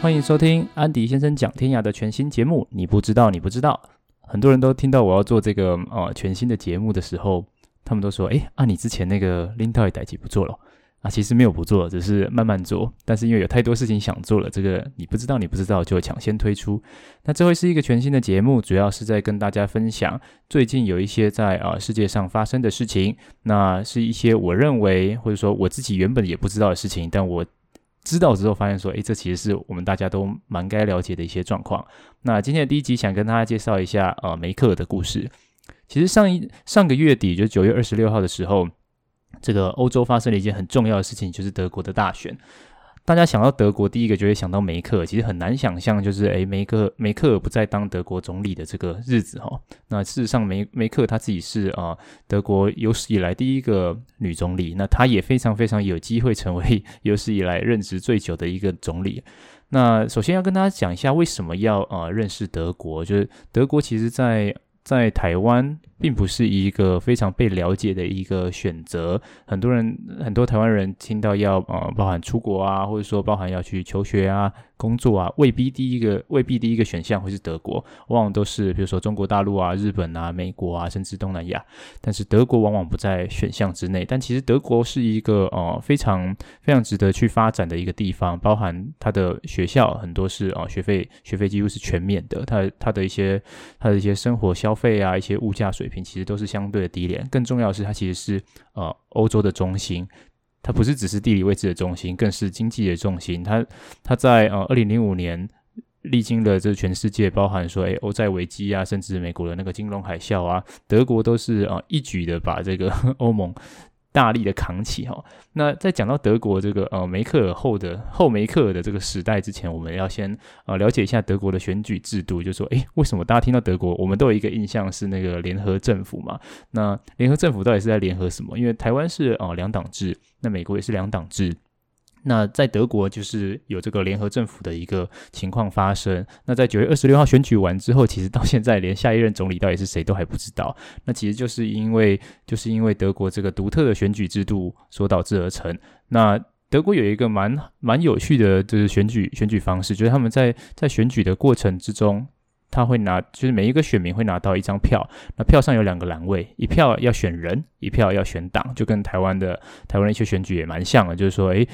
歡迎收聽安迪先生講天涯的全新節目。你不知道，你不知道。很多人都聽到我要做這個呃全新的節目的時候，他們都說：“哎，按、啊、你之前那個拎到一台機不做了？”啊，其實沒有不做，只是慢慢做。但是因為有太多事情想做了，這個你不知道，你不知道，就搶先推出。那這會是一個全新的節目，主要是在跟大家分享最近有一些在呃世界上發生的事情。那是一些我認為或者說我自己原本也不知道的事情，但我。知道之後發現說，哎，這其實是我們大家都蠻該了解的一些狀況。那今天的第一集想跟大家介紹一下呃梅克爾的故事。其實上一上個月底，就是九月二十六號的時候，這個歐洲發生了一件很重要的事情，就是德國的大選。大家想到德國，第一個就會想到梅克爾。其實很難想象，就是誒、哎，梅克梅克爾不再當德國總理的這個日子哈、哦。那事實上梅，梅梅克爾她自己是啊，德國有史以來第一個女總理。那她也非常非常有機會成為有史以來任職最久的一個總理。那首先要跟大家講一下，為什麼要啊認識德國？就是德國其實在。在台灣，並不是一個非常被了解的一個選擇。很多人，很多台灣人聽到要，呃，包含出國啊，或者說包含要去求學啊，工作啊，未必第一個，未必第一個選項會是德國，往往都是比如說中國大陸啊、日本啊、美國啊，甚至東南亞。但是德國往往不在選項之內。但其實德國是一個呃非常非常值得去發展的一個地方，包含它的學校很多是啊學費學費幾乎是全免的，它的它的一些它的一些生活消費啊，一些物價水平其實都是相對的低廉。更重要的是，它其實是呃歐洲的中心。它不是只是地理位置的中心，更是經濟的重心。它、它在呃二零零五年，歷經了這全世界，包含說哎歐債危機啊，甚至美國的那個金融海嘯啊，德國都是啊、呃、一舉的把這個歐盟。大力的扛起哈、哦，那在講到德國這個呃梅克爾後的後梅克爾的這個時代之前，我們要先呃了解一下德國的選舉制度，就是說誒，為什麼大家聽到德國，我們都有一個印象是那個聯合政府嘛？那聯合政府到底是在聯合什麼？因為台灣是哦、呃、兩黨制，那美國也是兩黨制。那在德國就是有這個聯合政府的一個情況發生。那在九月二十六號選舉完之後，其實到現在連下一任總理到底是誰都還不知道。那其實就是因為就是因為德國這個獨特的選舉制度所導致而成。那德國有一個蠻蠻有趣的，就是選舉選舉方式，就是他們在在選舉的過程之中，他會拿就是每一個選民會拿到一張票，那票上有兩個欄位，一票要選人，一票要選黨，就跟台灣的台灣的一些選舉也蠻像的，就是說，誒。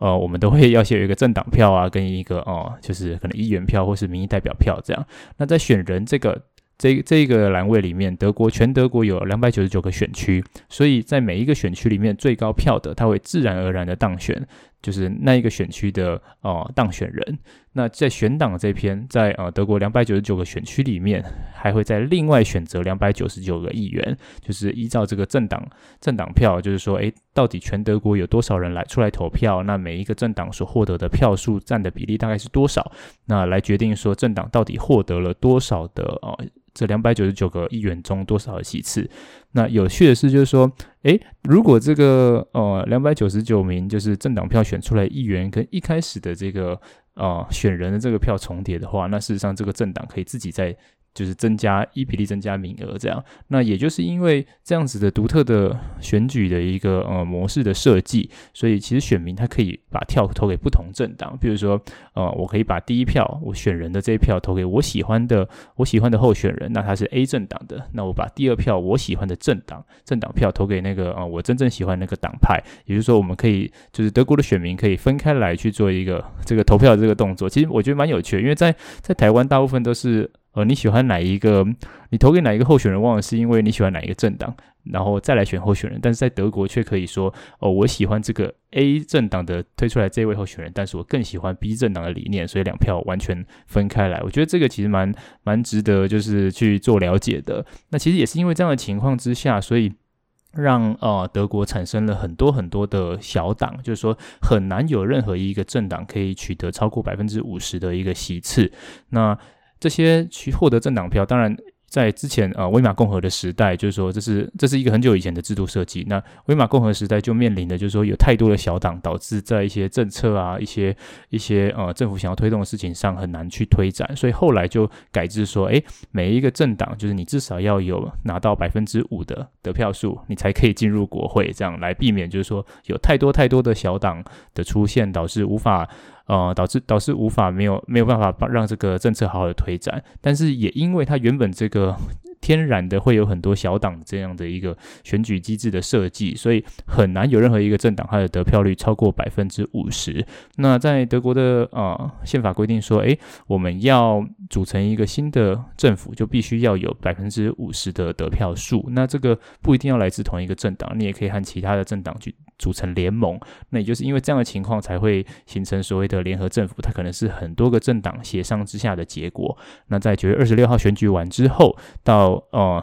呃，我們都會要寫一個政黨票啊，跟一個哦、呃，就是可能議員票或是民意代表票這樣。那在選人這個這這一個欄位裡面，德國全德國有兩百九十九個選區，所以在每一個選區裡面最高票的，他會自然而然的當選。就是那一個選區的呃當選人，那在選黨這邊，在呃德國兩百九十九個選區裡面，還會再另外選擇兩百九十九個議員，就是依照這個政黨政黨票，就是說，誒到底全德國有多少人來出來投票？那每一個政黨所獲得的票數占的比例大概是多少？那來決定說政黨到底獲得了多少的呃。這兩百九十九個議員中多少的席次？那有趣的是，就是說，哎，如果這個呃兩百九十九名，就是政黨票選出來議員，跟一開始的這個呃選人的這個票重疊的話，那事實上這個政黨可以自己在。就是增加依比例增加名額這樣，那也就是因為這樣子的獨特的選舉的一個呃模式的設計，所以其實選民他可以把票投給不同政黨，比如說呃我可以把第一票我選人的這一票投給我喜歡的我喜歡的候選人，那他是 A 政黨的，那我把第二票我喜歡的政黨政黨票投給那個呃我真正喜歡那個黨派，也就是說我們可以就是德國的選民可以分開來去做一個這個投票這個動作，其實我覺得蠻有趣的，因為在在台灣大部分都是。呃，你喜歡哪一個？你投給哪一個候選人？往往是因為你喜歡哪一個政黨，然後再來選候選人。但是在德國卻可以說，哦，我喜歡這個 A 政黨的推出來這位候選人，但是我更喜歡 B 政黨的理念，所以兩票完全分開來。我覺得這個其實蠻蠻值得，就是去做了解的。那其實也是因為這樣的情況之下，所以讓呃德國產生了很多很多的小黨，就是說很難有任何一個政黨可以取得超過百分之五十的一個席次。那這些去獲得政黨票，當然在之前呃威瑪共和的時代，就是說這是這是一個很久以前的制度設計。那威瑪共和時代就面臨的就是說有太多的小黨，導致在一些政策啊、一些一些呃政府想要推動的事情上很難去推展。所以後來就改制說，誒、欸、每一個政黨就是你至少要有拿到百分之五的得票數，你才可以進入國會，這樣來避免就是說有太多太多的小黨的出現，導致無法。呃，導致導致無法沒有沒有辦法把讓這個政策好好的推展，但是也因為它原本這個天然的會有很多小黨這樣的一個選舉機制的設計，所以很難有任何一個政黨它的得票率超過百分之五十。那在德國的呃憲法規定說，誒、欸，我們要組成一個新的政府，就必須要有百分之五十的得票數。那這個不一定要來自同一個政黨，你也可以和其他的政黨去。組成聯盟，那也就是因為這樣的情況才會形成所謂的聯合政府，它可能是很多個政黨協商之下的結果。那在九月二十六號選舉完之後，到呃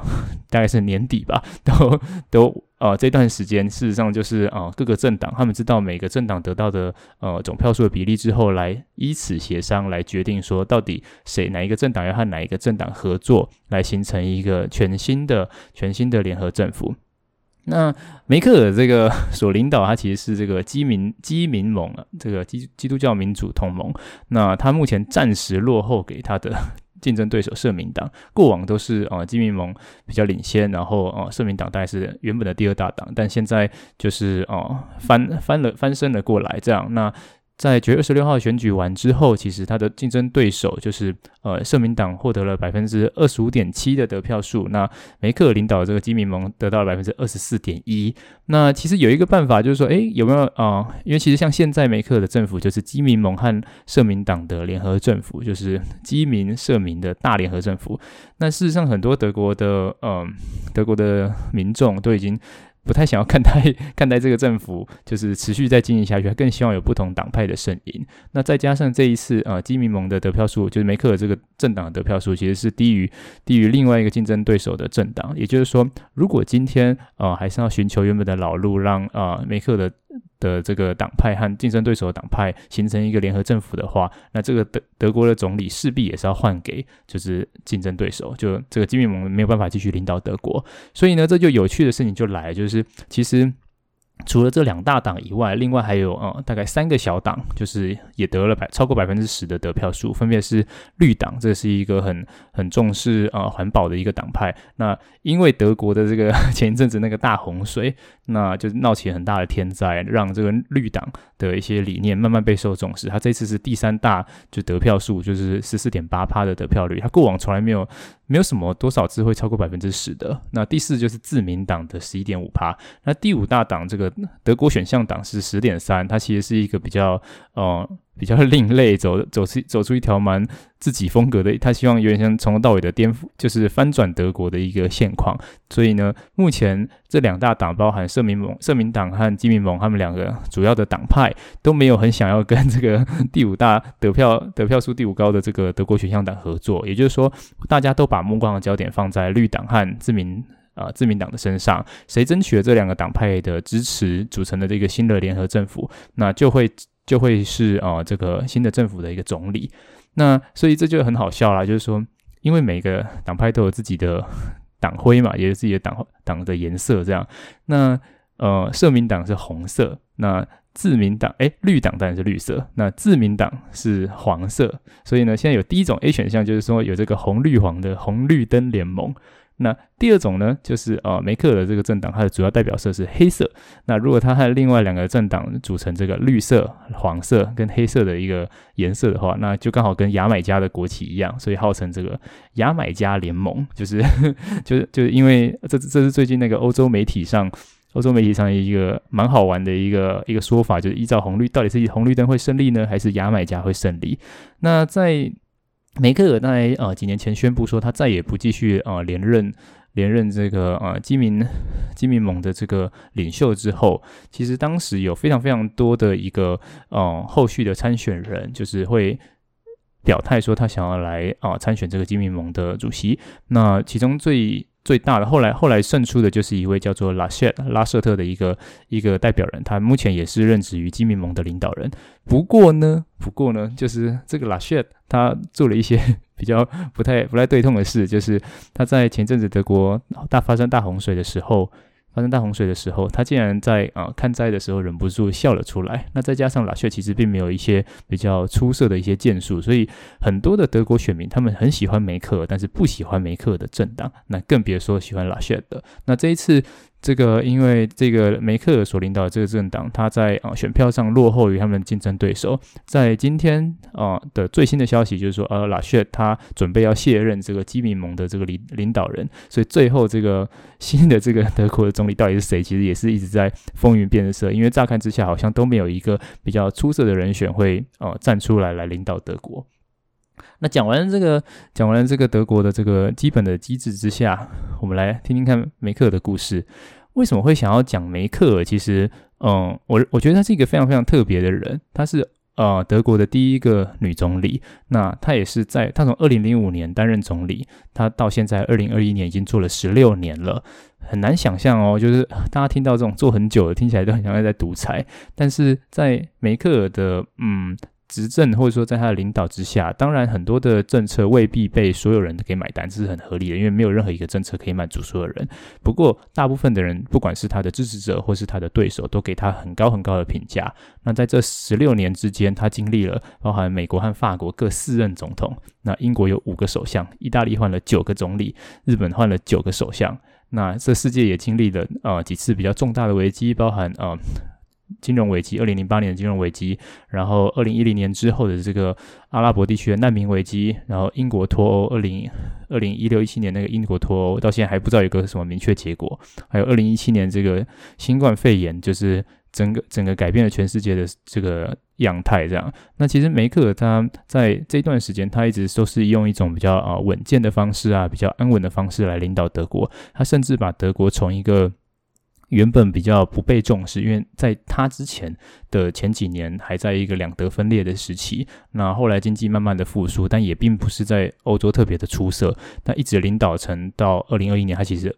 大概是年底吧，到都呃這段時間，事實上就是啊、呃、各個政黨他們知道每個政黨得到的呃總票數的比例之後，來依此協商來決定說到底誰哪一個政黨要和哪一個政黨合作，來形成一個全新的全新的聯合政府。那梅克爾這個所領導，他其實是這個基民基民盟啊，這個基基督教民主同盟。那他目前暫時落後給他的競爭對手社民黨。過往都是啊、呃、基民盟比較領先，然後啊、呃、社民黨大概是原本的第二大黨，但現在就是呃翻翻了翻身了過來這樣。那。在九月二十六號選舉完之後，其實他的競爭對手就是呃社民黨獲得了百分之二十五點七的得票數。那梅克爾領導這個基民盟得到了百分之二十四點一。那其實有一個辦法就是說，誒、欸、有沒有啊、呃？因為其實像現在梅克爾的政府就是基民盟和社民黨的聯合政府，就是基民社民的大聯合政府。那事實上，很多德國的呃德國的民眾都已經。不太想要看待看待這個政府，就是持續在經營下去，他更希望有不同黨派的聲音。那再加上這一次啊、呃，基民盟的得票數，就是梅克爾這個政黨的得票數，其實是低於低於另外一個競爭對手的政黨。也就是說，如果今天啊、呃，還是要尋求原本的老路，讓啊、呃、梅克爾。的這個黨派和競爭對手黨派形成一個聯合政府的話，那這個德德國的總理勢必也是要換給就是競爭對手，就這個基民盟沒有辦法繼續領導德國，所以呢，這就有趣的事情就來了，就是其實。除了這兩大黨以外，另外還有呃大概三個小黨，就是也得了百超過百分之十的得票數，分別是綠黨，這是一個很很重視呃環保的一個黨派。那因為德國的這個前一陣子那個大洪水，那就是鬧起很大的天災，讓這個綠黨的一些理念慢慢備受重視。他這次是第三大，就得票數就是十四點八趴的得票率，他過往從來沒有。沒有什麼多少隻會超過百分之十的。那第四就是自民黨的十一點五趴。那第五大黨這個德國選項黨是十點三，它其實是一個比較呃。嗯比較另類，走走出走出一條蠻自己風格的。他希望有點像從頭到尾的顛覆，就是翻轉德國的一個現況。所以呢，目前這兩大黨，包含社民盟、社民黨和基民盟，他們兩個主要的黨派都沒有很想要跟這個第五大得票得票數第五高的這個德國選項黨合作。也就是說，大家都把目光和焦點放在綠黨和自民啊、呃、自民黨的身上，誰爭取了這兩個黨派的支持，組成的這個新的聯合政府，那就會。就會是啊、呃，這個新的政府的一個總理。那所以這就很好笑啦，就是說，因為每個黨派都有自己的黨徽嘛，也有自己的黨黨的顏色這樣。那呃，社民黨是紅色，那自民黨哎綠黨當然是綠色，那自民黨是黃色。所以呢，現在有第一種 A 選項，就是說有這個紅綠黃的紅綠燈聯盟。那第二種呢，就是呃、啊、梅克爾的這個政黨，它的主要代表色是黑色。那如果它和另外兩個政黨組成這個綠色、黃色跟黑色的一個顏色的話，那就剛好跟牙買加的國旗一樣，所以號稱這個牙買加聯盟， 就是就是就是因為這這是最近那個歐洲媒體上歐洲媒體上一個蠻好玩的一個一個說法，就是依照紅綠，到底是紅綠燈會勝利呢，還是牙買加會勝利？那在。梅克爾在呃幾年前宣布說，他再也不繼續呃連任連任這個呃基民基民盟的這個領袖之後，其實當時有非常非常多的一個呃後續的參選人，就是會表態說他想要來啊參選這個基民盟的主席。那其中最最大的後來後來勝出的就是一位叫做 ette, 拉舍拉舍特的一個一個代表人，他目前也是任職於基民盟的領導人。不過呢，不過呢，就是這個拉舍他做了一些比較不太不太對痛的事，就是他在前陣子德國大發生大洪水的時候，發生大洪水的時候，他竟然在啊、呃、看災的時候忍不住笑了出來。那再加上拉謝其實並沒有一些比較出色的一些建樹，所以很多的德國選民他們很喜歡梅克，但是不喜歡梅克的政黨，那更別說喜歡拉謝的。那這一次。這個，因為這個梅克爾所領導的這個政黨，他在啊選票上落後於他們競爭對手。在今天啊的最新的消息就是說，呃拉謝特，他準備要卸任這個基民盟的這個領領導人。所以最後這個新的這個德國的總理到底是誰，其實也是一直在風雲變色。因為乍看之下好像都沒有一個比較出色的人選會啊站出來來領導德國。那講完這個，講完這個德國的這個基本的機制之下，我們來聽聽看梅克爾的故事。為什麼會想要講梅克爾？其實，嗯，我我覺得她是一個非常非常特別的人。她是呃德國的第一個女總理。那她也是在她從二零零五年擔任總理，她到現在二零二一年已經做了十六年了。很難想象哦，就是大家聽到這種做很久的，聽起來都很像是在獨裁。但是在梅克爾的嗯，執政或者說在他的領導之下，當然很多的政策未必被所有人給買單，這是很合理的，因為沒有任何一個政策可以滿足所有人。不過，大部分的人，不管是他的支持者或是他的對手，都給他很高很高的評價。那在這十六年之間，他經歷了包含美國和法國各四任總統，那英國有五個首相，意大利換了九個總理，日本換了九個首相。那這世界也經歷了呃幾次比較重大的危機，包含呃金融危機，二零零八年的金融危機，然後二零一零年之後的這個阿拉伯地區的難民危機，然後英國脫歐，二零二零一六一七年那個英國脫歐，到現在還不知道有個什麼明確結果。還有二零一七年這個新冠肺炎，就是整個整個改變了全世界的這個樣態。這樣，那其實梅克爾他在這段時間，他一直都是用一種比較啊穩健的方式啊，比較安穩的方式來領導德國。他甚至把德國從一個原本比較不被重視，因為在他之前的前幾年還在一個兩德分裂的時期。那後，後來經濟慢慢的復甦，但也並不是在歐洲特別的出色。但一直領導成到二零二一年，他其實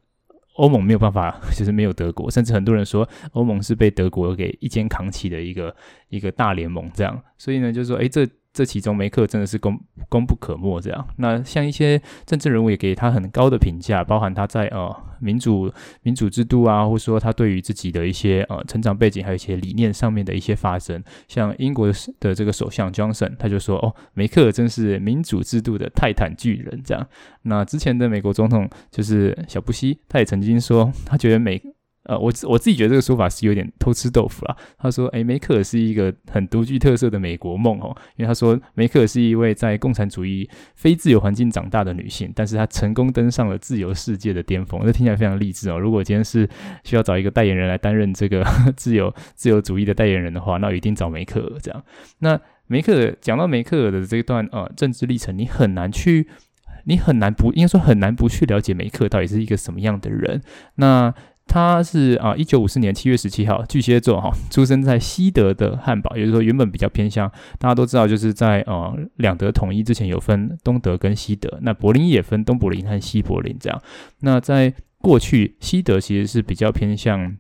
歐盟沒有辦法，其、就、實、是、沒有德國，甚至很多人說歐盟是被德國給一肩扛起的一個一個大聯盟這樣。所以呢，就是說，哎、欸，這。這其中梅克真的是功功不可沒，這樣。那像一些政治人物也給他很高的評價，包含他在呃民主民主制度啊，或者說他對於自己的一些呃成長背景還有一些理念上面的一些發聲。像英國的這個首相 Johnson，他就說哦，梅克爾真是民主制度的泰坦巨人。這樣。那之前的美國總統就是小布希，他也曾經說，他覺得美。呃，我我自己覺得這個說法是有點偷吃豆腐啦。他說：“哎，梅克爾是一個很獨具特色的美國夢哦，因為他說梅克爾是一位在共產主義非自由環境長大的女性，但是她成功登上了自由世界的巔峰。這聽起來非常勵志哦。如果今天是需要找一個代言人來擔任這個自由自由主義的代言人的話，那我一定找梅克爾這樣。那梅克爾講到梅克爾的這段呃政治歷程，你很難去，你很難不應該說很難不去了解梅克到底是一個什麼樣的人。那他是啊，一九五四年七月十七號，巨蟹座哈，出生在西德的漢堡。也就是說，原本比較偏向，大家都知道，就是在呃、uh, 兩德統一之前有分東德跟西德，那柏林也分東柏林和西柏林這樣。那在過去，西德其實是比較偏向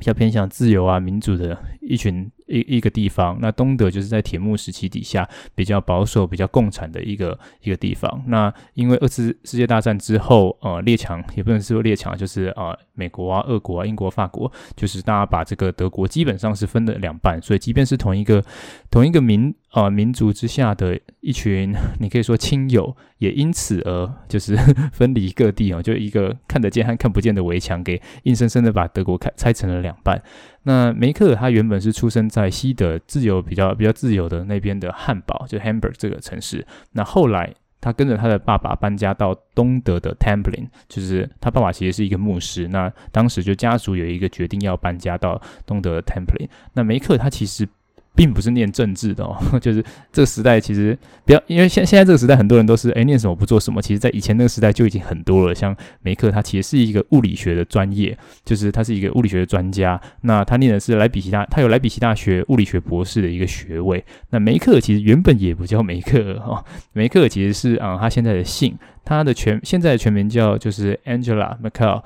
比較偏向自由啊，民主的一群。一一個地方，那東德就是在鐵幕時期底下比較保守，比較共產的一個一個地方。那因為二次世界大戰之後，呃，列強也不能說列強，就是啊、呃，美國啊、俄國啊、英國、法國，就是大家把這個德國基本上是分了兩半。所以，即便是同一個同一個民啊、呃、民族之下的一群，你可以說親友，也因此而就是 分離各地啊、哦，就一個看得見和看不見的圍牆，給硬生生的把德國拆拆成了兩半。那梅克他原本是出生在西德自由比較比較自由的那邊的漢堡，就是 Hamburg 這個城市。那後來他跟着他的爸爸搬家到東德的 Templin，就是他爸爸其實是一個牧師。那當時就家族有一個決定要搬家到東德的 Templin。那梅克他其實。並不是念政治的哦，就是這個時代其實不要，因為現現在這個時代很多人都是誒、欸，念什麼不做什麼，其實，在以前那個時代就已經很多了。像梅克爾他其實是一個物理學的專業，就是他是一個物理學的專家。那他念的是萊比錫大，他有萊比錫大學物理學博士的一個學位。那梅克爾其實原本也不叫梅克爾哈、哦，梅克爾其實是啊、嗯、他現在的姓，他的全現在的全名叫就是 Angela Merkel。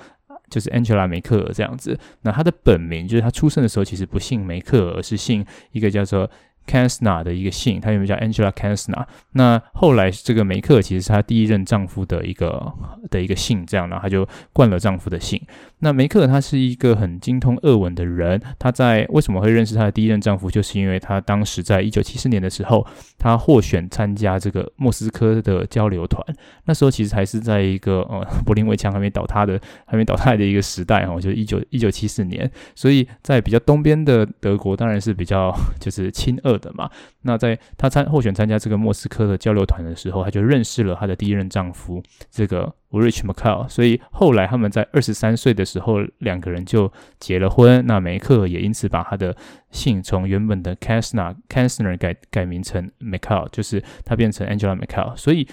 就是安琪拉梅克爾這樣子，那他的本名就是他出生的時候其實不姓梅克爾，而是姓一個叫做。Kansna 的一個姓，她原名叫 Angela Kansna。那後來這個梅克其實是她第一任丈夫的一個的一個姓，這樣呢，她就冠了丈夫的姓。那梅克他是一個很精通俄文的人，他在為什麼會認識她的第一任丈夫，就是因為他當時在一九七四年的時候，他獲選參加這個莫斯科的交流團。那時候其實還是在一個呃、嗯、柏林圍牆還沒倒塌的還沒倒塌的一個時代哈，就是一九一九七四年。所以在比較東邊的德國，當然是比較就是親俄的。的嘛，那在她參候選參加這個莫斯科的交流團的時候，她就認識了她的第一任丈夫這個 Ulrich Merkel。所以後來他們在二十三歲的時候，兩個人就結了婚。那梅克爾也因此把她的姓從原本的 Kasner，Kasner 改改名成 Merkel，就是她變成 Angela Merkel，所以。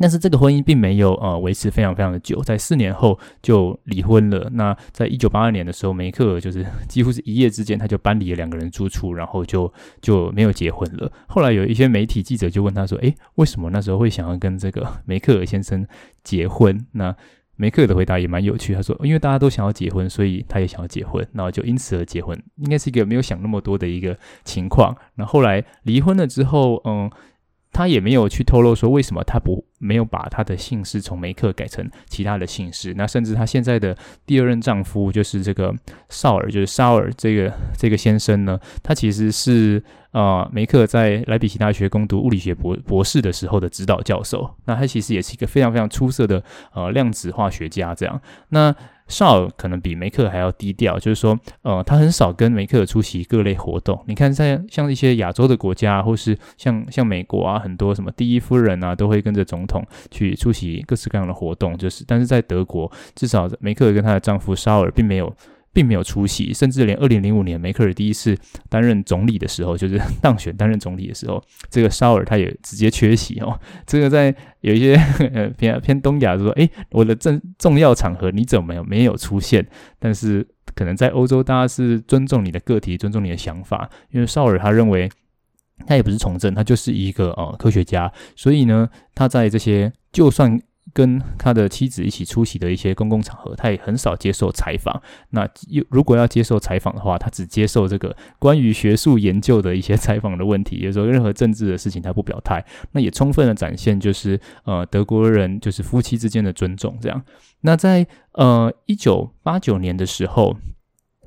但是這個婚姻並沒有呃維持非常非常的久，在四年後就離婚了。那在一九八二年的時候，梅克爾就是幾乎是一夜之間，他就搬離了兩個人住處，然後就就沒有結婚了。後來有一些媒體記者就問他說：“誒，為什麼那時候會想要跟這個梅克爾先生結婚？”那梅克爾的回答也蠻有趣，他說：“哦，因為大家都想要結婚，所以他也想要結婚，然後就因此而結婚，應該是一個沒有想那麼多的一個情況。”那後來離婚了之後，嗯。他也沒有去透露說，為什麼他不沒有把他的姓氏從梅克改成其他的姓氏。那甚至他現在的第二任丈夫就是這個紹爾，就是紹爾這個這個先生呢，他其實是呃梅克在萊比錫大學攻讀物理學博博士的時候的指導教授。那他其實也是一個非常非常出色的呃量子化學家。這樣那。紹爾可能比梅克爾還要低調，就是說，呃，他很少跟梅克爾出席各類活動。你看，在像一些亞洲的國家，或是像像美國啊，很多什麼第一夫人啊，都會跟着總統去出席各式各樣的活動。就是，但是在德國，至少梅克爾跟她的丈夫紹爾並沒有。並沒有出席，甚至連二零零五年梅克爾第一次擔任總理的時候，就是當選擔任總理的時候，這個紹爾他也直接缺席哦。這個在有一些呃偏偏東亞說，哎，我的正重要場合你怎麼沒有沒有出現？但是可能在歐洲，大家是尊重你的個體，尊重你的想法，因為紹爾他認為他也不是從政，他就是一個呃、哦、科學家，所以呢，他在這些就算。跟他的妻子一起出席的一些公共場合，他也很少接受採訪。那又如果要接受採訪的話，他只接受這個關於學術研究的一些採訪的問題，也就是說任何政治的事情他不表態。那也充分的展現就是呃德國人就是夫妻之間的尊重這樣。那在呃一九八九年的時候，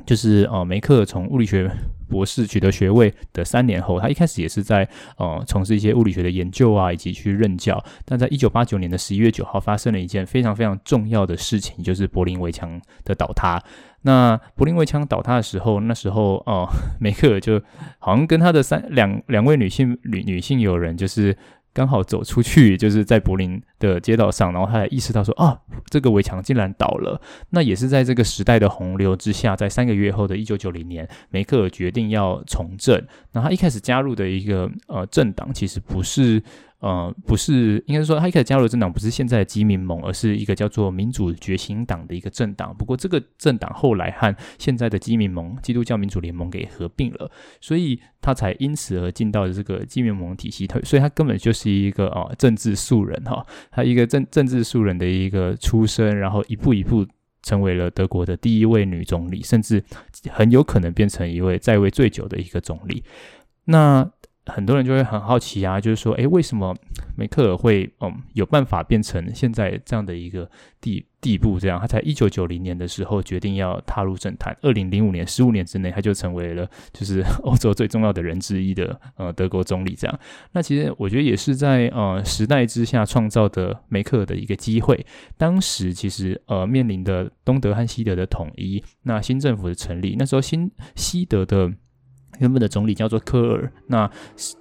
就是呃梅克爾從物理學。博士取得學位的三年後，他一開始也是在呃從事一些物理學的研究啊，以及去任教。但在一九八九年的十一月九號，發生了一件非常非常重要的事情，就是柏林圍牆的倒塌。那柏林圍牆倒塌的時候，那時候呃，梅克爾就好像跟他的三兩兩位女性女女性友人就是。剛好走出去，就是在柏林的街道上，然後他才意識到說啊，這個圍牆竟然倒了。那也是在這個時代的洪流之下，在三個月後的一九九零年，梅克爾決定要從政。那他一開始加入的一個呃政黨，其實不是。呃，不是，應該說，他一開始加入的政黨不是現在的基民盟，而是一個叫做民主覺醒黨的一個政黨。不過這個政黨後來和現在的基民盟（基督教民主聯盟）給合併了，所以他才因此而進到這個基民盟體系。他所以，他根本就是一個啊、哦、政治素人哈、哦，他一個政政治素人的一個出身，然後一步一步成為了德國的第一位女總理，甚至很有可能變成一位在位最久的一個總理。那。很多人就會很好奇啊，就是說，哎，為什麼梅克爾會嗯有辦法變成現在這樣的一個地地步？這樣，他才一九九零年的時候決定要踏入政壇，二零零五年十五年之內他就成為了就是歐洲最重要的人之一的呃德國總理。這樣，那其實我覺得也是在呃時代之下創造的梅克爾的一個機會。當時其實呃面臨的東德和西德的統一，那新政府的成立，那時候新西德的。原本的總理叫做科爾，那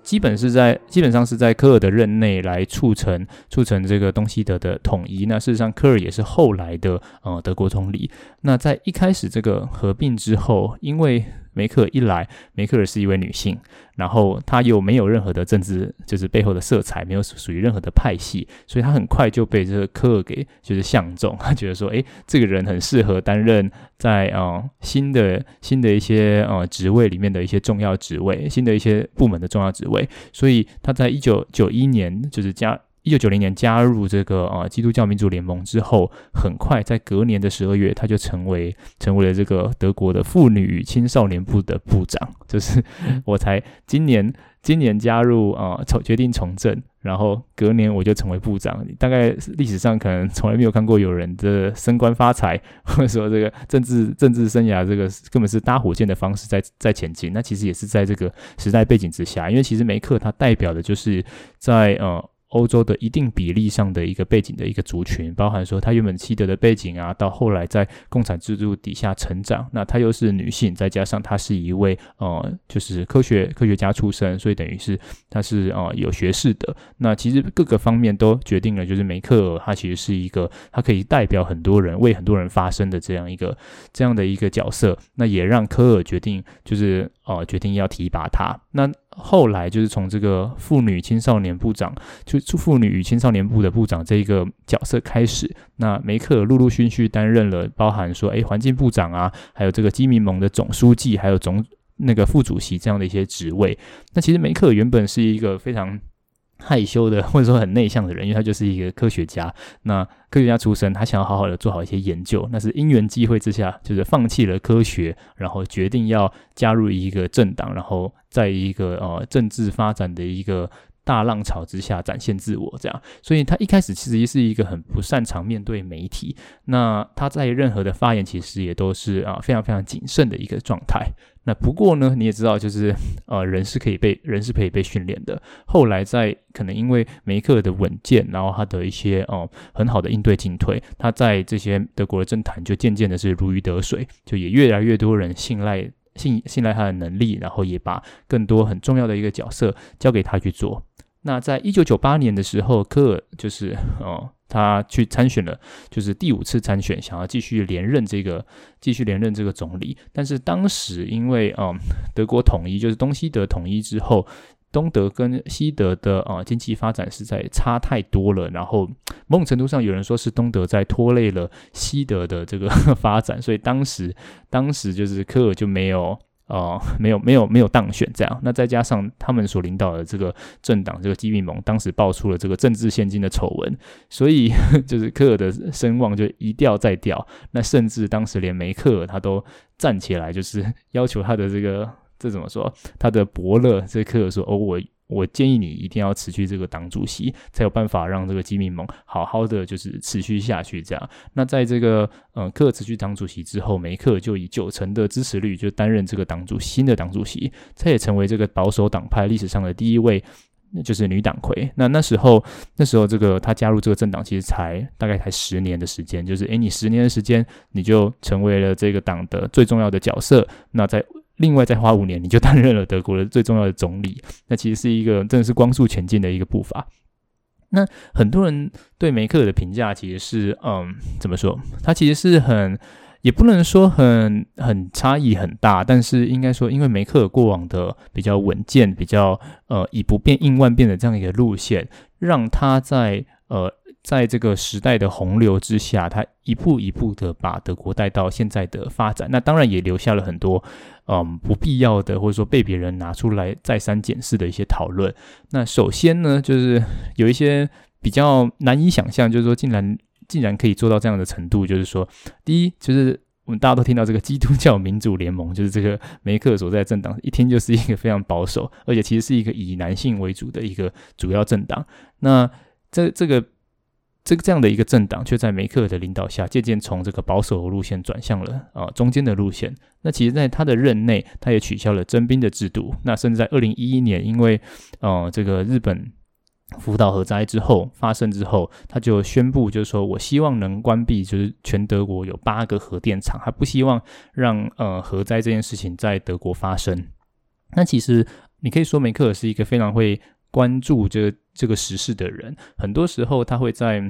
基本是在基本上是在科爾的任內來促成促成這個東西德的統一。那事實上，科爾也是後來的呃德國總理。那在一開始這個合併之後，因為。梅克一來，梅克爾是一位女性，然後她又沒有任何的政治，就是背後的色彩，沒有屬於任何的派系，所以她很快就被這個科爾給就是相中，她覺得說，誒，這個人很適合擔任在呃新的新的一些呃職位裡面的一些重要職位，新的一些部門的重要職位，所以他在一九九一年就是加。一九九零年加入這個呃基督教民主聯盟之後，很快在隔年的十二月，他就成為成為了這個德國的婦女與青少年部的部長。就是我才今年今年加入啊，從、呃、決定從政，然後隔年我就成為部長。大概歷史上可能從來沒有看過有人的升官發財，或者說這個政治政治生涯這個根本是搭火箭的方式在在前進。那其實也是在這個時代背景之下，因為其實梅克他代表的就是在呃。歐洲的一定比例上的一個背景的一個族群，包含說他，原本西德的背景啊，到後來在共產制度底下成長，那他又是女性，再加上她是一位呃，就是科學科學家出身，所以等於是她是呃有學士的。那其實各個方面都決定了，就是梅克爾她其實是一個，她可以代表很多人，為很多人發聲的這樣一個這樣的一個角色。那也讓科爾決定就是呃決定要提拔她。那。後來就是從這個婦女青少年部長，就婦女與青少年部的部長這一個角色開始，那梅克爾陸陸續續擔任了包含說，哎、欸，環境部長啊，還有這個基民盟的總書記，還有總那個副主席這樣的一些職位。那其實梅克爾原本是一個非常。害羞的或者說很內向的人，因為他就是一個科學家，那科學家出身，他想要好好的做好一些研究，那是因緣際會之下，就是放棄了科學，然後決定要加入一個政黨，然後在一個呃政治發展的一個。大浪潮之下展現自我，這樣，所以他一開始其實是一個很不擅長面對媒體。那他在任何的發言其實也都是啊非常非常謹慎的一個狀態。那不過呢，你也知道，就是呃、啊、人是可以被人是可以被訓練的。後來在可能因為梅克的穩健，然後他的一些哦、啊、很好的應對進退，他在這些德國的政壇就漸漸的是如魚得水，就也越來越多人信賴信信賴他的能力，然後也把更多很重要的一個角色交給他去做。那在一九九八年的時候，科爾就是哦，他去參選了，就是第五次參選，想要繼續連任這個，繼續連任這個總理。但是當時因為啊、嗯，德國統一，就是東西德統一之後，東德跟西德的呃、嗯、經濟發展實在差太多了，然後某種程度上有人說是東德在拖累了西德的這個發展，所以當時當時就是科爾就沒有。呃、哦，沒有，沒有，沒有當選這樣。那再加上他們所領導的這個政黨，這個基民盟，當時爆出了這個政治獻金的醜聞，所以就是科爾的聲望就一掉再掉。那甚至當時連梅克爾他都站起來，就是要求他的這個這怎麼說，他的伯樂，這個、科爾說哦我。我建議你一定要辭去這個黨主席，才有辦法讓這個基民盟好好的就是持續下去。這樣，那在這個嗯克爾辭去當主席之後，梅克爾就以九成的支持率就擔任這個黨主，新的黨主席，他也成為這個保守黨派歷史上的第一位就是女黨魁。那那時候，那時候這個他加入這個政黨其實才大概才十年的時間，就是誒、欸、你十年的時間你就成為了這個黨的最重要的角色。那在。另外再花五年，你就擔任了德國的最重要的總理，那其實是一個真的是光速前進的一個步伐。那很多人對梅克爾的評價其實是，嗯，怎麼說？他其實是很，也不能說很很差異很大，但是應該說，因為梅克爾過往的比較穩健，比較呃以不變應萬變的這樣一個路線，讓他在呃。在這個時代的洪流之下，他一步一步地把德國帶到現在的發展。那當然也留下了很多，嗯，不必要的或者說被別人拿出來再三檢視的一些討論。那首先呢，就是有一些比較難以想象，就是說竟然竟然可以做到這樣的程度。就是說，第一，就是我們大家都聽到這個基督教民主聯盟，就是這個梅克所在的政黨，一聽就是一個非常保守，而且其實是一個以男性為主的一個主要政黨。那這這個。這個這樣的一個政黨，卻在梅克爾的領導下，漸漸從這個保守路線轉向了呃中間的路線。那其實，在他的任內，他也取消了徵兵的制度。那甚至在二零一一年，因為呃這個日本福島核災之後發生之後，他就宣布就是說我希望能關閉，就是全德國有八個核電廠，他不希望讓呃核災這件事情在德國發生。那其實你可以說，梅克爾是一個非常會。關注這個、這個時事的人，很多時候他會在，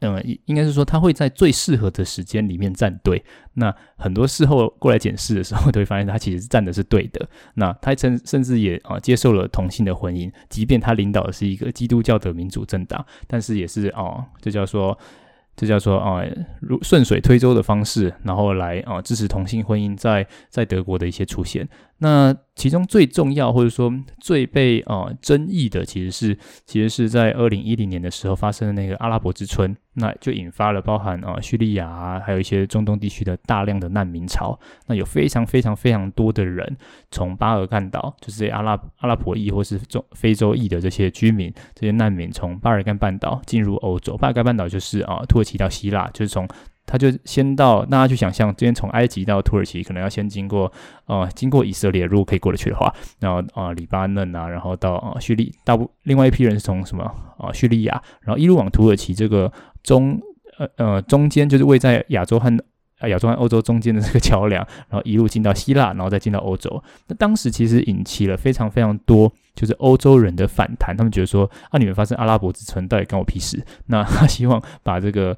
嗯、呃，應該是說他會在最適合的時間裡面站隊。那很多事後過來檢視的時候，都會發現他其實站的是對的。那他甚甚至也啊、呃，接受了同性的婚姻，即便他領導的是一個基督教的民主政黨，但是也是哦，這、呃、叫做這叫做啊順順水推舟的方式，然後來啊、呃、支持同性婚姻在在德國的一些出現。那其中最重要或者說最被啊、呃、爭議的其、其實是其實是在二零一零年的時候發生的那個阿拉伯之春，那就引發了包含啊敘利亞、啊、還有一些中東地區的大量的難民潮。那有非常非常非常多的人從巴爾幹島，就是阿拉伯阿拉伯裔或是中非洲裔的這些居民、這些難民從巴爾幹半島進入歐洲。巴爾幹半島就是啊土耳其、到希臘，就是從。他就先到，大家去想象，今天從埃及到土耳其，可能要先經過，呃，經過以色列，如果可以過得去的話，然後啊，呃、黎巴嫩啊，然後到、呃、敘利大部另外一批人是從什麼啊、呃，敘利亞，然後一路往土耳其這個中，呃呃，中間就是位在亞洲和亞洲和歐洲中間的這個橋樑，然後一路進到希臘，然後再進到歐洲。那當時其實引起了非常非常多，就是歐洲人的反彈，他們覺得說啊，你們發生阿拉伯之春，到底關我屁事？那他希望把這個。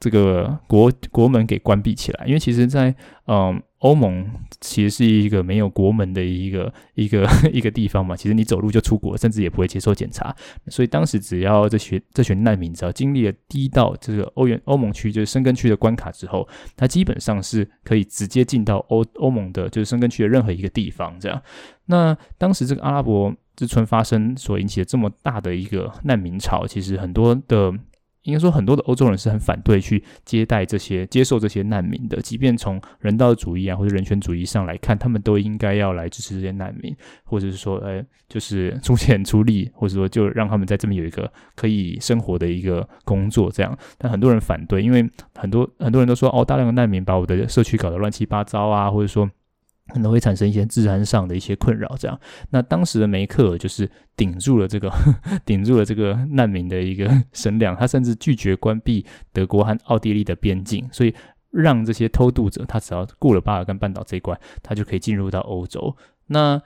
這個國國門給關閉起來，因為其實在，在嗯歐盟其實是一個沒有國門的一個一個一個地方嘛，其實你走路就出國，甚至也不會接受檢查。所以當時只要這些這群難民只要經歷了第一道這個歐元歐盟區就是申根區的關卡之後，它基本上是可以直接進到歐歐盟的就是申根區的任何一個地方。這樣，那當時這個阿拉伯之春發生所引起的這麼大的一個難民潮，其實很多的。應該說，很多的歐洲人是很反對去接待這些、接受這些難民的。即便從人道主義啊，或者人權主義上來看，他們都應該要來支持這些難民，或者是說，哎、呃，就是出錢出力，或者說就讓他們在這邊有一個可以生活的一個工作這樣。但很多人反對，因為很多很多人都說，哦，大量的難民把我的社區搞得亂七八糟啊，或者說。可能會產生一些治安上的一些困擾，這樣。那當時的梅克爾就是頂住了這個， 頂住了這個難民的一個神量，他甚至拒絕關閉德國和奧地利的邊境，所以讓這些偷渡者，他只要過了巴爾幹半島這一關，他就可以進入到歐洲。那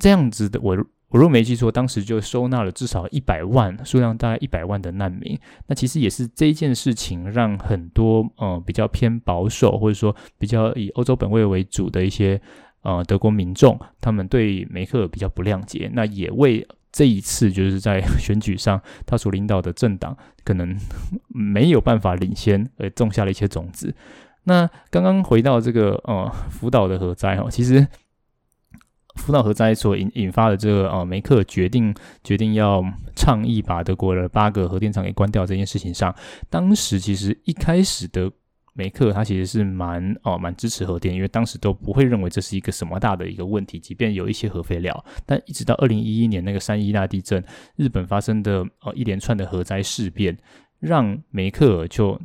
這樣子的我。我若沒記錯，當時就收納了至少一百萬，數量大概一百萬的難民。那其實也是這件事情，讓很多呃比較偏保守或者說比較以歐洲本位為主的一些呃德國民眾，他們對梅克爾比較不諒解。那也為這一次就是在選舉上，他所領導的政黨可能沒有辦法領先而、呃、種下了一些種子。那剛剛回到這個呃福島的核災其實。福島核災所引引發的這個呃，梅克決定決定要倡議把德國的八個核電廠給關掉這件事情上，當時其實一開始的梅克他其實是蠻哦蠻支持核電，因為當時都不會認為這是一個什麼大的一個問題，即便有一些核廢料，但一直到二零一一年那個三一大地震，日本發生的呃一連串的核災事變，讓梅克爾就。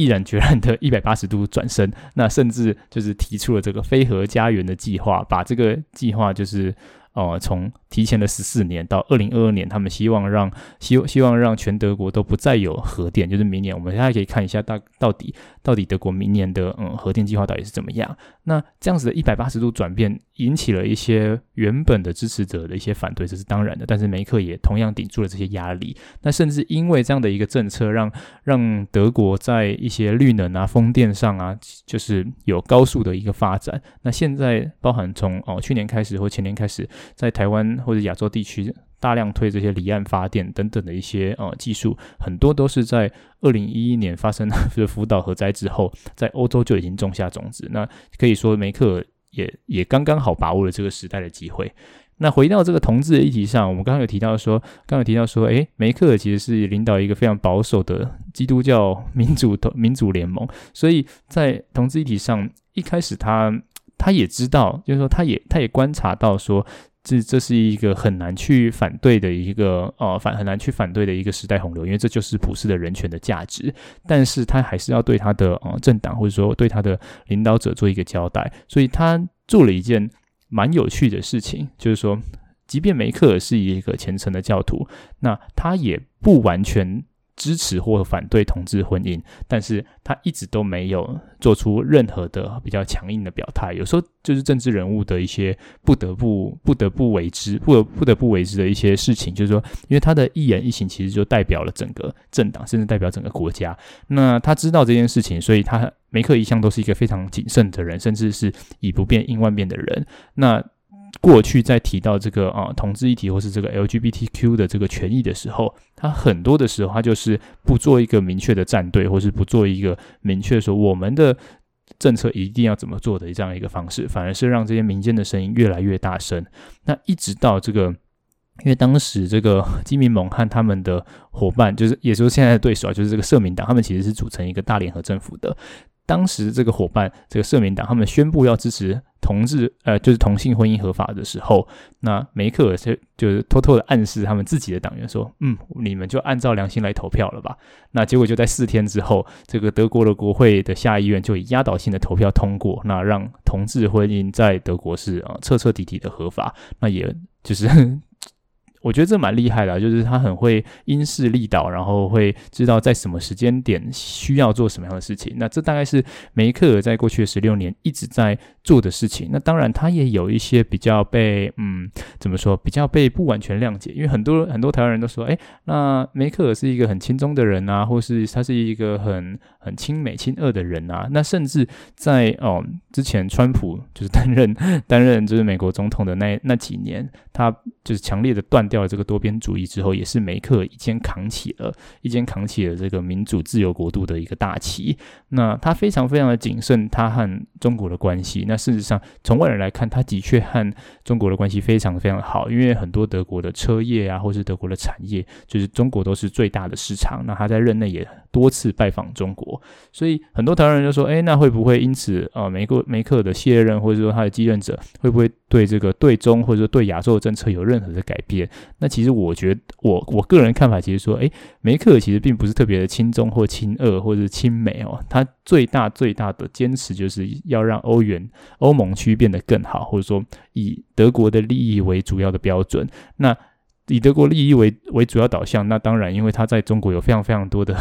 毅然決然的一百八十度轉身，那甚至就是提出了這個“非核家園”的計劃，把這個計劃就是呃從提前了十四年到二零二二年，他們希望讓希希望讓全德國都不再有核電，就是明年，我們大家可以看一下到到底到底德國明年的嗯核電計劃到底是怎麼樣？那這樣子的一百八十度轉變。引起了一些原本的支持者的一些反對，這是當然的。但是梅克也同樣頂住了這些壓力。那甚至因為這樣的一個政策讓，讓讓德國在一些綠能啊、風電上啊，就是有高速的一個發展。那現在包含從哦去年開始或前年開始，在台灣或者亞洲地區大量推這些離岸發電等等的一些呃、哦、技術，很多都是在二零一一年發生的，就是，福島核災之後，在歐洲就已經種下種子。那可以說梅克。也也剛剛好把握了這個時代的機會。那回到這個同志的議題上，我們剛剛有提到說，剛剛有提到說，哎、欸，梅克爾其實是領導一個非常保守的基督教民主的民主聯盟，所以在同志議題上，一開始他他也知道，就是說他也他也觀察到說。這這是一個很難去反對的一個呃反很難去反對的一個時代洪流，因為這就是普世的人權的價值。但是他還是要對他的呃政黨或者說對他的領導者做一個交代，所以他做了一件蠻有趣的事情，就是說，即便梅克爾是一個虔誠的教徒，那他也不完全。支持或反對同志婚姻，但是他一直都沒有做出任何的比較強硬的表態。有時候就是政治人物的一些不得不不得不為之，不得不得不為之的一些事情，就是說，因為他的一言一行其實就代表了整個政黨，甚至代表整個國家。那他知道這件事情，所以他梅克爾，一向都是一個非常謹慎的人，甚至是以不變應萬變的人。那，過去在提到這個啊同志議題，或是這個 LGBTQ 的這個權益的時候，他很多的時候他就是不做一個明確的站隊，或是不做一個明確說我們的政策一定要怎麼做的這樣一個方式，反而是讓這些民間的聲音越來越大聲。那一直到這個，因為當時這個基民盟和他們的夥伴，就是也就是現在的對手啊，就是這個社民黨，他們其實是組成一個大聯合政府的。當時這個夥伴，這個社民黨，他們宣佈要支持同志，呃，就是同性婚姻合法的時候，那梅克爾就就是偷偷地暗示他們自己的黨員說，嗯，你們就按照良心來投票了吧。那結果就在四天之後，這個德國的國會的下議院就以壓倒性的投票通過，那讓同志婚姻在德國是啊、呃、徹徹底底的合法，那也就是。 我覺得這蠻厲害的，啊，就是他很會因勢利導，然後會知道在什麼時間點需要做什麼樣的事情。那這大概是梅克爾在過去的十六年一直在做的事情。那當然，他也有一些比較被嗯，怎麼說，比較被不完全諒解，因為很多很多台灣人都說，哎，那梅克爾是一個很親中的人啊，或是他是一個很很親美親歐的人啊，那甚至在哦之前，川普就是擔任擔任就是美國總統的那那幾年，他就是強烈的斷掉了這個多邊主義之後，也是梅克爾一肩扛起了一肩扛起了這個民主自由國度的一個大旗。那他非常非常的謹慎，他和中國的關係。那事實上，從外人來看，他的確和中國的關係非常非常好，因為很多德國的車業啊，或是德國的產業，就是中國都是最大的市場。那他在任內也多次拜訪中國。所以很多台灣人就說：“哎、欸，那會不會因此啊，梅克梅克的卸任，或者說他的繼任者，會不會對這個對中或者說對亞洲的政策有任何的改變？”那其實我覺得，我我個人看法其實說：“哎、欸，梅克其實並不是特別的親中或親俄或是親美哦，他最大最大的堅持就是要讓歐元歐盟區變得更好，或者說以德國的利益為主要的標準。”那以德國利益為為主要導向，那當然，因為他在中國有非常非常多的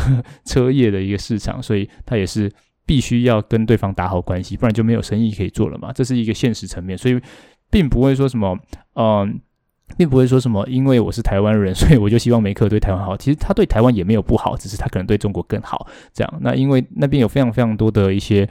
車業的一個市場，所以他也是必須要跟對方打好關係，不然就沒有生意可以做了嘛。這是一個現實層面，所以並不會說什麼，嗯、呃，並不會說什麼，因為我是台灣人，所以我就希望梅克對台灣好。其實他對台灣也沒有不好，只是他可能對中國更好。這樣，那因為那邊有非常非常多的一些。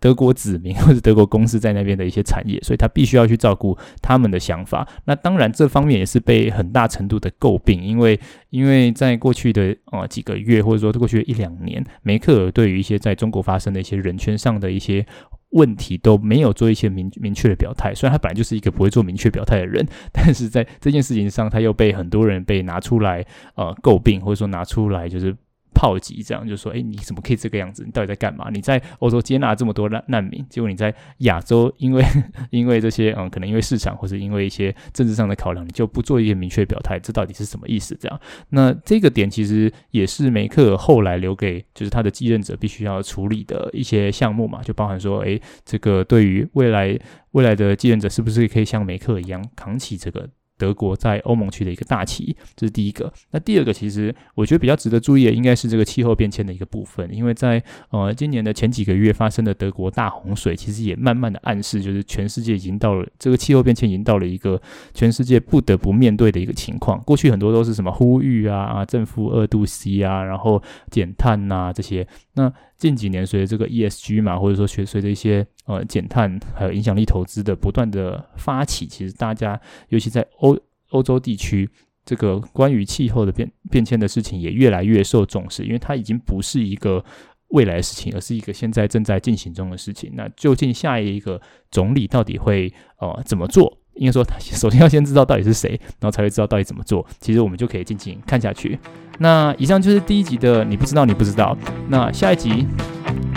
德國子民或者德國公司在那邊的一些產業，所以他必須要去照顧他們的想法。那當然，這方面也是被很大程度的詬病，因為因為在過去的呃幾個月，或者說過去的一兩年，梅克爾對於一些在中國發生的一些人權上的一些問題都沒有做一些明明確的表態。雖然他本來就是一個不會做明確表態的人，但是在這件事情上，他又被很多人被拿出來呃詬病，或者說拿出來就是。炮擊，這樣就說，哎、欸，你怎麼可以這個樣子？你到底在幹嘛？你在歐洲接納這麼多難難民，結果你在亞洲，因為因為這些，嗯，可能因為市場，或是因為一些政治上的考量，你就不做一些明確表態，這到底是什麼意思？這樣，那這個點其實也是梅克爾後來留給，就是他的繼任者必須要處理的一些項目嘛，就包含說，哎、欸，這個對於未來未來的繼任者，是不是可以像梅克爾一樣扛起這個？德國在歐盟區的一個大旗，這是第一個。那第二個，其實我覺得比較值得注意的，應該是這個氣候變遷的一個部分。因為在呃今年的前幾個月發生的德國大洪水，其實也慢慢的暗示，就是全世界已經到了這個氣候變遷已經到了一個全世界不得不面對的一個情況。過去很多都是什麼呼籲啊啊，正負二度 C 啊，然後減碳吶、啊、這些。那近幾年，隨着這個 ESG 嘛，或者說隨隨着一些呃減碳還有影響力投資的不斷的發起，其實大家尤其在歐歐洲地區，這個關於氣候的變變遷的事情也越來越受重視，因為它已經不是一個未來的事情，而是一個現在正在進行中的事情。那究竟下一個總理到底會呃怎麼做？應該說，首先要先知道到底是誰，然後才會知道到底怎麼做。其實我們就可以盡情看下去。那以上就是第一集的，你不知道你不知道。那下一集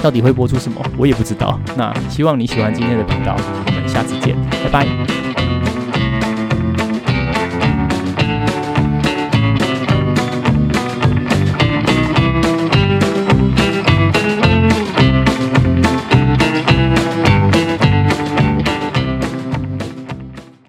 到底會播出什麼，我也不知道。那希望你喜歡今天的頻道，我們下次見，拜拜。